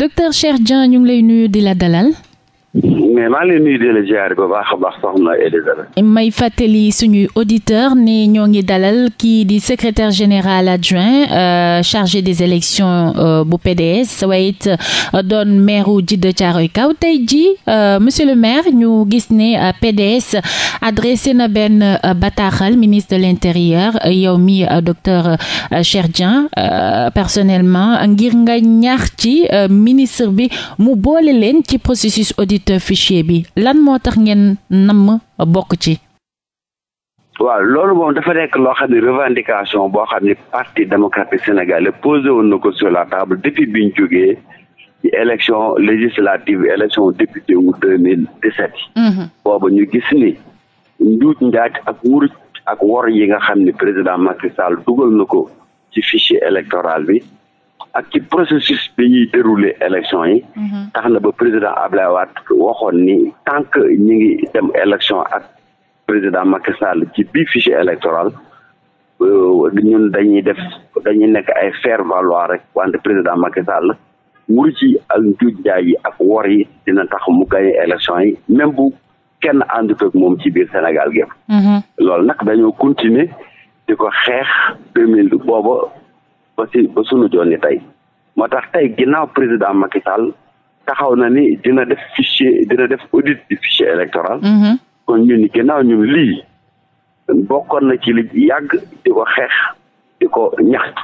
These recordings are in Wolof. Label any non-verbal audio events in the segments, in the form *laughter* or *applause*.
docteur Cheikh Dieng ñu ngi lay nuyu di la dalal. mais maa ngi leen nuyu di la may fàttali suñuy auditeur ni ñoo ngi dalal kii di secrétaire général adjoint euh, chargé des élections euh, bu PDS waaye it euh, ji maire wu Djiddah Thiaroye Kao tey ji euh, monsieur le maire ñu gis ne euh, PDS adressé na benn euh, bataaxal ministre de l'intérieur yow mi docteur Cheikh Dieng personnellement ngir nga ñax ci ministre bi mu boole leen ci processus audit audit fichier bi moo tax ngeen namm bokk ci waaw loolu moom dafa nekk loo xam ne revendication boo xam ne parti démocratique sénégalais posé woon na ko sur la table depuis bi ñu jógee ci élection législative élection député wu deux mille dix-sept mhm. ñu gis ni njuut njaaj ak wuruj ak wor yi nga xam ni président Macky Sall dugal na ko ci fichier électoral bi ak ci processus bi ñuy dérouler élection yi. Mhm. tax na ba président Ablaye Wade waxoon ni tant que ñu ngi dem élection ak président Macky ci bii fichier électoral euh, ñun dañuy def dañuy nekk ay faire valoir rek wante président Macky Sall ci ak njuuj njaay yi ak wor yi dina tax mu gañe élection yi même bu kenn àndut ak moom ci biir Sénégal gépp mhm. loolu nag dañoo continuer di ko xeex deux mille booba ba si ba sunu jooni tey moo tax tey ginnaaw président Macky taxaw na ni dina def fichier dina def audit du fichier électoral. Mm-hmm. kon ñu ni ginnaaw ñu lii bokkoon na ci li yàgg di ko xeex di ko ñaxtu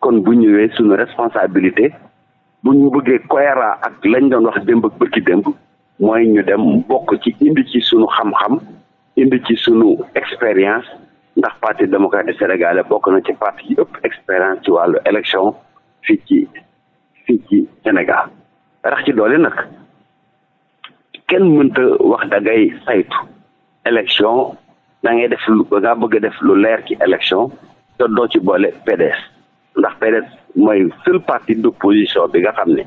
kon bu ñëwee sunu responsabilité bu ñu bëggee cohérent ak lañ doon wax démb ak bërki démb mooy ñu dem bokk ci indi ci sunu xam-xam indi ci sunu expérience. ndax parti démocratique sénégalais bokk na ci partie yi ëpp expérience ci wàllu élection fii ci fii ci Sénégal rax ci doole nag kenn mënta wax da ngay saytu élection da ngay def lu nga bëgg a def lu leer ki élection te doo ci boole PDS ndax PDS mooy seul parti d'opposition bi nga xam ne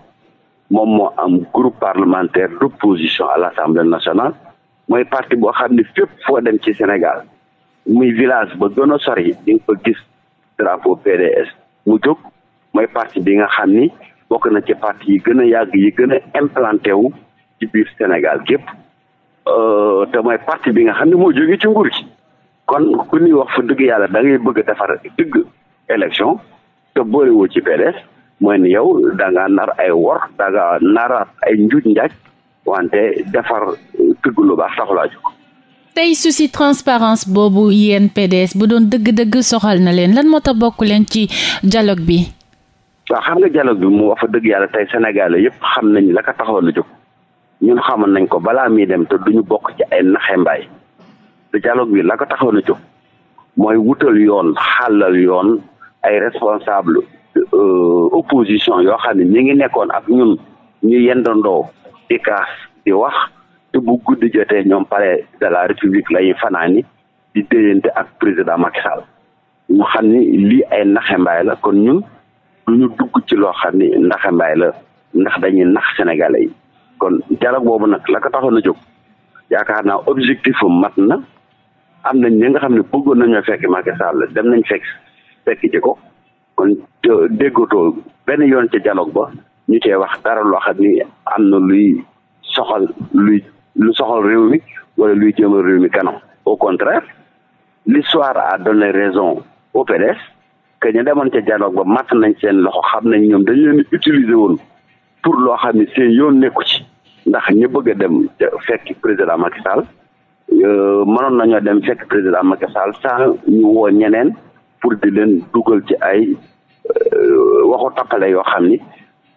moom moo am groupe parlementaire d'opposition à l'Assemblée nationale mooy parti boo xam ne fépp foo dem ci Sénégal muy village ba gën a sori di nga fa gis drapeau PDS mu jóg mooy parti bi nga xam ni bokk na ci parti yi gën a yàgg yi gën a implanté wu ci biir Sénégal gépp euh, te mooy parti bi nga xam ne moo jóge ci nguur gi kon ku ñuy wax fa dëgg yàlla da ngay bëgg a defar dëgg élection te boolewoo ci PDS mooy ni yow da nar ay wor da nga naraat ay njuuj njaaj wante defar tëgg lu baax taxulaa jóg tey souci transparence boobu yéen PDS bu doon dëgg-dëgg soxal na leen lan moo tax bokk leen ci dialogue bi. waaw xam nga dialogue bi mu wax fa dëgg yàlla tey Sénégalais yëpp xam nañ la ko taxoon a jóg ñun xamoon nañ ko balaa mii dem te duñu bokk ci ay naxe mbaay te dialogue bi la taxoon a jóg mooy wutal yoon xàllal yoon ay responsable euh, opposition yoo xam ne ñu ngi nekkoon ak ñun ñu yendandoo di kaas di wax te bu guddi jotee ñoom palais de la république la ñuy fanaani di déyante ak président Macky Sall ñu xam ni lii ay naxembaay la kon ñun du ñu dugg ci loo xam ni naxembaay la ndax dañuy nax sénégalais yi kon dialogue boobu nag laka ko taxoon a jóg yaakaar naa objectif mat na am nañ ñi nga xam ne bëggoon nañoo fekk Macky Sall dem nañ fekk fekk ci ko kon déggatoo benn yoon ci dialogue ba ñu cee wax dara loo xam ni am na luy soxal luy lu soxal réew mi wala luy jëmal réew mi kanam au contraire l'histoire à donné raison au PDS que ñu demoon ca dialogue ba matt nañ seen loxo xam nañ ñoom dañu leen utiliser woon pour loo xam ne seen yoon nekku ci ndax ñu bëgg a dem fekk président Macky Sall euh, mënoon nañoo dem fekk président Macky Sall sans ñu woo ñeneen pour di leen dugal ci ay euh, waxu tappale yoo xam ni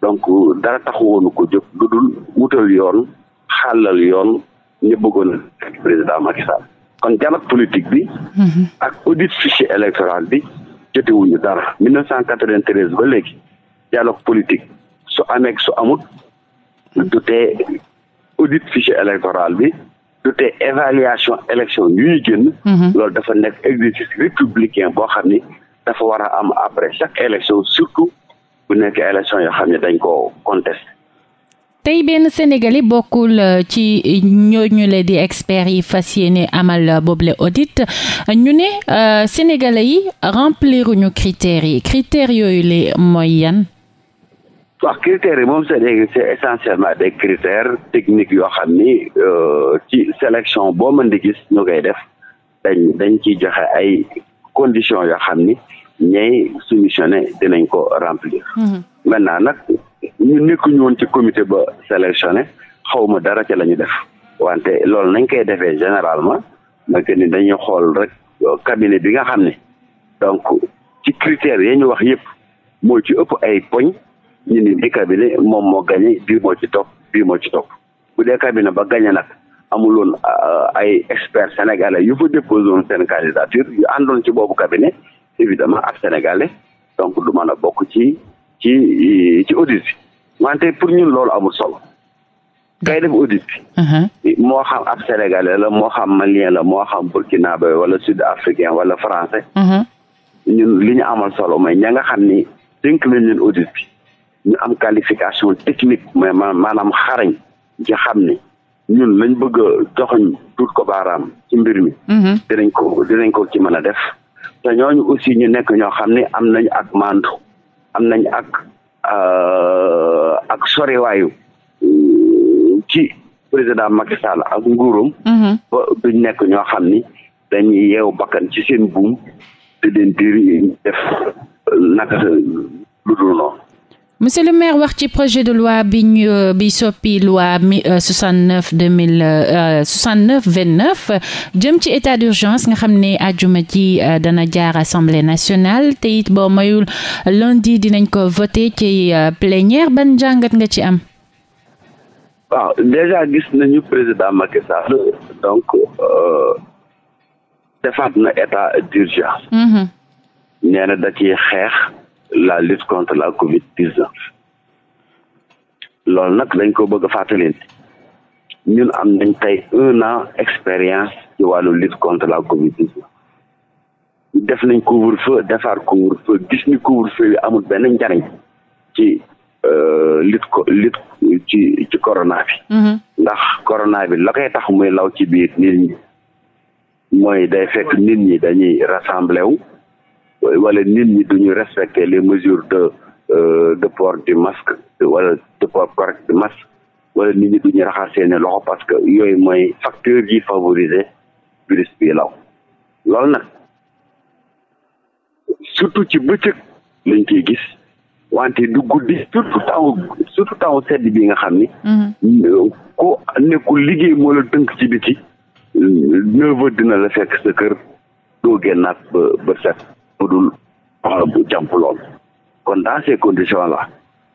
donc dara taxu woonu ko jóg du dul wutal yoon xàllal yoon ñu bëggoon nekk président Macky Sall kon dialogue politique bi mhm. ak audit fichier électoral bi jotewuñu dara 1993 ba léegi dialogue politique su amee su amut du tee audit fichier électoral bi du tee évaluation élection yuy génn mhm. loolu dafa nekk exercice républicain boo xam ni dafa war a am après chaque élection surtout bu nekk élection yoo xam ne dañ ko contesté tey benn sénégalais bokkul euh, ci ñooñu la di experts yi fas yéene amal euh, boobule audit ñu ne euh, sénégalais yi rempliruñu critères yi critères yooyu la mooy yan. waaw critères yi moom c' est essentiellement des critères techniques yoo xam ni ci sélection boo mën di gis ñu koy def dañ ci joxe ay conditions yoo xam ni ñay soumissionné dinañ ko remplir. Mhm. maintenant nag ñu nekkuñu woon ci comité ba sélectionné xawma dara ca la ñu def wante loolu nañ koy defee généralement mooy que ni dañuy xool rek cabinet bi nga xam ne donc ci critères yi ñu wax yëpp moo ci ëpp ay poñ ñu ni di cabinet moom moo gagné bii moo ci topp bii moo ci topp bu dee cabinet ba gañe nag amuloon euh, ay experts sénégalais yu fa déposé woon seen candidature yu àndoon ci boobu cabinet évidemment ak sénégalais donc du mën a bokk ci ci eh, ci audit bi wante pour ñun loolu amul solo kay def audit bi uh-huh. moo xam ab sénégalais la moo xam malien la moo xam burkinabé wala sud africain wala français uh-huh. ñun li ñu amal solo mooy ñanga xam ni dénk nañ leen audit bi ñu am qualification technique mais maanaam xarañ ci xam ni ñun lañ bëgg a joxoñ tuut ko baaraam ci mbir mi uh-huh. dinañ ko dinañ ko ci mën a def te ñooñu aussi ñu nekk ñoo xam ni am nañ ak mandu am nañ ak euh, ak soriwaayu mm, ci président Macky Sall ak nguuram mhm. ba duñ nekk ñoo xam ni dañuy yeew bakkan ci seen buum di leen diri def euh, naka lu dul noonu monsieur le maire wax ci projet de loi bi ñu euh, bi soppi loi 69 2000 69 29 jëm ci état d'urgence nga xam ni àjjuma ci euh, dana jaar assemblée nationale te boo mayul lundi dinañ ko voté ci euh, plénière ban jàngat nga ci am waaw déjà gis nañu président Macky Sall donc defaat na état d'urgence mm-hmm. nee da ciy xeex la lutte contre la Covid 19 loolu nag dañ ko bëgg a fàttali ñun am nañ tey un an expérience ci wàllu lutte contre la Covid 19 def nañ couvre feu defar couvre feu gis ni couvre feu bi amul benn njariñ ci euh, lutte ko lutte ci corona bi. Mm-hmm. ndax corona bi la koy tax muy law ci biir nit ñi mooy day fekk nit ñi dañuy rassemblé wu. wala nit ñi duñu respecter les mesures de euh, de port du masque wala de port correct du masque wala nit ñi duñu raxas seeni loxo parce que yooyu mooy facteur yi favoriser virus bi law loolu nag surtout ci bëccëg lañ koy gis wante du guddi surtout temps surtout temps sedd bi nga xam ni ku nekkul liggéey moo la tënk ci biti neuf dina la fekk sa kër doo génnaat ba ba set bu dul euh, bu jàmp lool kon dans ces conditions là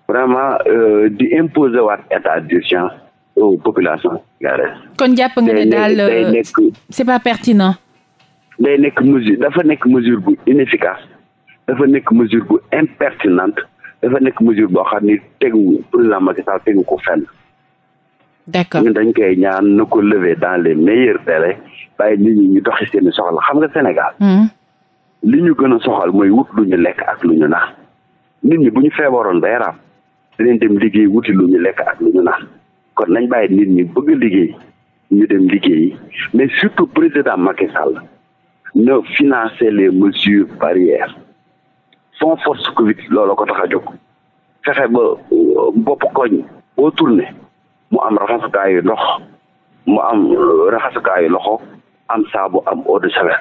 vraiment euh, di imposer waat état d'urgence population populations kon jàpp nga ne daal euh, c'est pas pertinent day nekk mesure dafa nekk mesure bu inefficace dafa nekk mesure bu impertinente dafa nekk mesure boo xam ni tegu président Macky Sall tegu ko fenn d'accord ñun dañ koy ñaan na ko lever dans le meilleurs délais bàyyi nit ñi ñu doxi seeni soxla xam nga Sénégal hmm. li ñu gën a soxal mooy wut lu ñu lekk ak lu ñu naan nit ñi bu ñu feebaroon ba yaram dinañ dem liggéey wuti lu ñu lekk ak lu ñu naan kon nañ bàyyi nit ñi bëgg liggéey ñu dem liggéey mais surtout président Macky Sall na financer les mesures barrières fonds force Covid loolu ko tax a jóg fexe ba euh, bopp koñ boo tourné mu am raxasukaayu lox mu am euh, raxasukaayu loxo am saabu am eau javel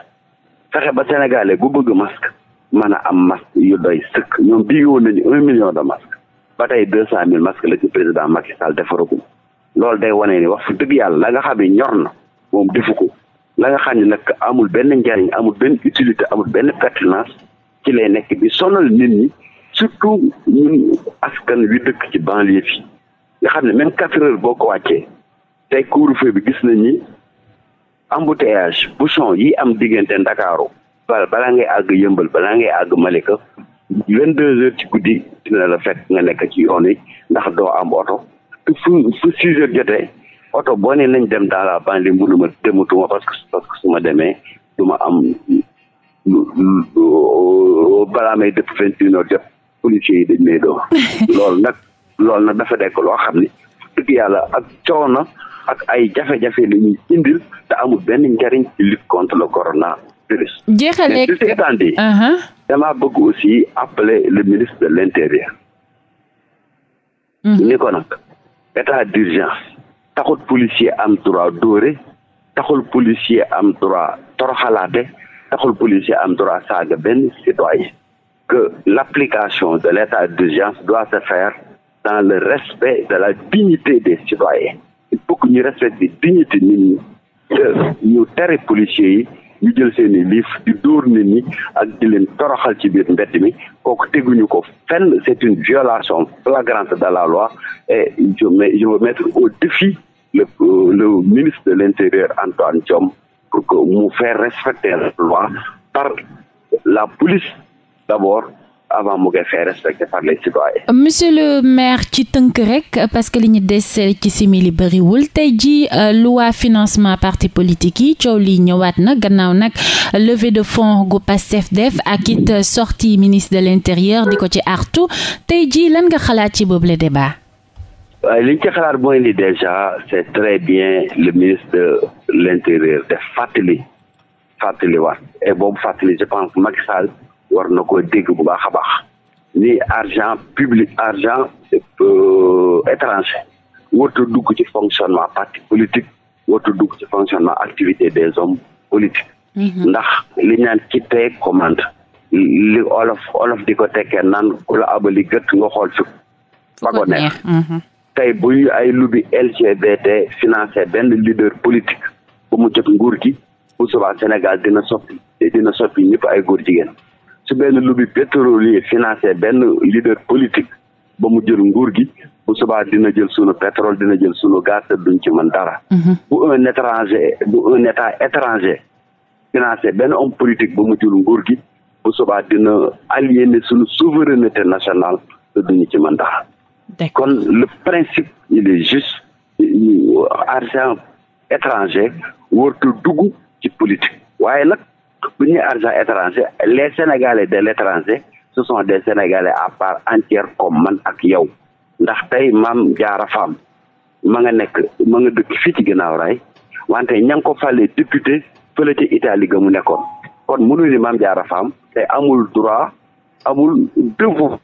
fexe ba sénégalais bu bëgg masque mën a am masque yu doy sëkk ñoom bii woon nañu un million de masque ba tey deux cent mille masque la ci président Macky Sall defaragum loolu day wane ni wax fu dëgg yàlla la nga xam ne ñor na moom defu ko la nga xam ne nag amul benn njariñ amul benn utilité amul benn pertinence ci lay nekk bi sonal nit ñi surtout ñun askan wi dëkk ci banlieue fi nga xam ne même quatre boo ko wàccee tey couvre-feu bi gis nañ ni embouteillage bouchon yi am diggante ndakaaru bala ngay àgg yëmbal balaa ngay àgg Malika vingt deux heures ci guddi dina la fekk nga nekk ci yoon ndax doo am oto te fu six heures jotee oto boo nañ dem dans la banlieue mënuma dematuma parce que su ma demee du ma am balaa may dëpp vingt une heures jot policiers yi dañ may doo *laughs* loolu nag loolu nag dafa dekk loo xam ne dëgg yàlla ak coono ak ay jafe-jafe la ñuy indil te amul benn njariñ lutte contre le coronavirus. jeexaleeg te seetaan bi. Uh-huh. damaa bëgg aussi appeler le ministre de l'intérieur. Mm-hmm. ni ko nag état d'urgence taxul policier am droit dóore taxul policier am droit toroxalaate taxul policier am droit saaga benn citoyen que l'application de l'état d'urgence doit se faire dans le respect de la dignité des citoyens il faut que ñu respecté dignité nit ñi euh, ñu tere yi ñu jël seen i liif di dóor nit ñi ak di leen toroxal ci biir mbett mi kooku teguñu ko fenn c'est une violation flagrante de la loi et je mettre au défi le euh, le ministre de l'intérieur Antoine Diome pour que mu faire respecter la loi par la police d'abord avant mu koy fay respecté par les citoyens. monsieur le maire ci tënk rek parce que li ñu desee euh, ci simili bëriwul tey ji euh, loi financement parti politique yi coow li ñëwaat na gannaaw nag levée de fonds gu Pastef def ak it euh, sortie ministre de l'intérieur di ko ci artu tey ji lan nga xalaat ci boobu le de l'intérieur def fàttali fàttali waat et war na ko dégg bu baax a baax ni argent public argent euh, étranger warut dugg ci fonctionnement parti politique warut dugg ci fonctionnement activité des hommes politiques mhm. ndax li ñaan ci tey commande olof olof di ko tekkee naan ku la abali gët nga xool fi fa ko neex mhm. bu ay lubi LGBT financé benn leader politique bu mu jot nguur gi bu subaa Sénégal dina soppi dina soppi ñëpp ay góor jigéen su benn lobby pétrolier financé benn leader politique ba mu jël nguur gi bu subaa dina jël sunu pétrole dina jël sunu gaz te duñ ci man dara. Mhm. bu un étranger bu un étranger financé benn homme politique ba mu jël nguur gi bu subaa dina aliéné sunu souveraineté nationale te duñu ci mën dara. kon le principe il est juste argent étranger warta dugg ci politique waaye nag. bu ñuy argent étranger les sénégalais de l' étranger ce sont des sénégalais à part entière comme man ak yow ndax tey maam jaara faam ma nga nekk ma nga dëkk fii ci ginnaaw wante ña ngi ko fàlle député fële ci Italie ga mu nekkoon kon mënu ni maam jaara faam te amul droit amul devoir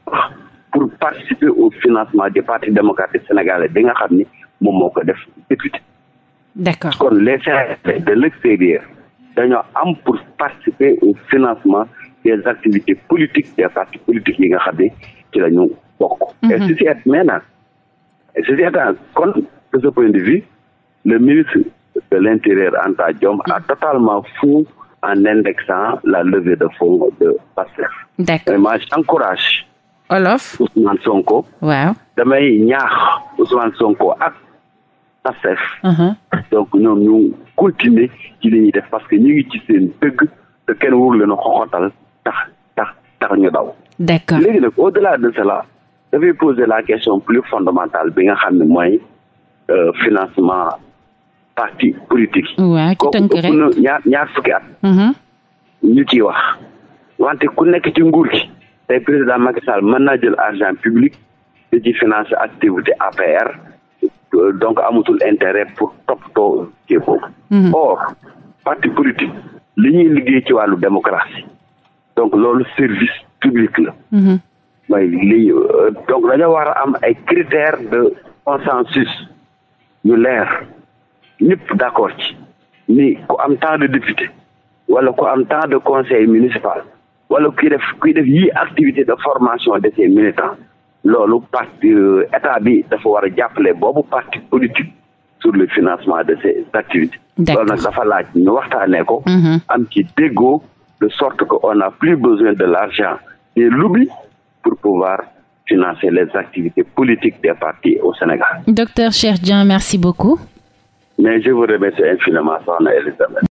pour participer au financement du parti démocratique sénégalais bi nga xam ni moom moo ko def député. d'accord kon les sénégalais de l'extérieur dañoo am pour participer au financement des activités politiques des partis politiques yi nga xam ne ci la ñu bokk. et mhm. ceci est maintenant ceci étant kon de ce point de vue le ministre de l'intérieur Anta Diom a mhm. totalement faux en indexant la levée de fonds de Pastef. d'accord vraiment j'encourage. Olof Ousmane Sonko. waaw damay ñaax Ousmane Sonko ak Pastef. Mhm. donc ñoom ñu. continuer ci li ñuy def parce que ñu ngi ci seen dëgg te kenn warul leen a xoxotal tax tax tax ñu daw. d'accord léegi nag au delà de cela dafay poser la question plus fondamentale bi nga xam ne mooy euh, financement parti politique. waaw ci tënk rek mm-hmm. ku nekk ci nguur gi. tey président Macky Sall mën naa jël argent public di ci financer activité APR. Euh, donc amatul intéret pour toppatoo kii boobu. Mhm. or parti politique li ñuy liggéey ci wàllu démocratie donc loolu service public la. Mhm. mooy li euh, donc dañoo war a am ay critères de consensus ñu leer ñëpp d'accord ci ni ku am tant de député wala ku am tant de conseil municipal wala kuy def kuy def yii activité de formation de ses militants. loolu parti euh, état bi dafa war a jàppale boobu parti politique sur le financement de ces activités. d'accord loolu nag dafa laaj ñu waxtaanee ko. Mhm. am ci déggoo de sorte que on a plus besoin de l'argent des lobbies pour pouvoir financer les activités politiques des partis au Sénégal. docteur Cheikh Dieng merci beaucoup. mais je vous remercie infiniment soxna Elisabeth.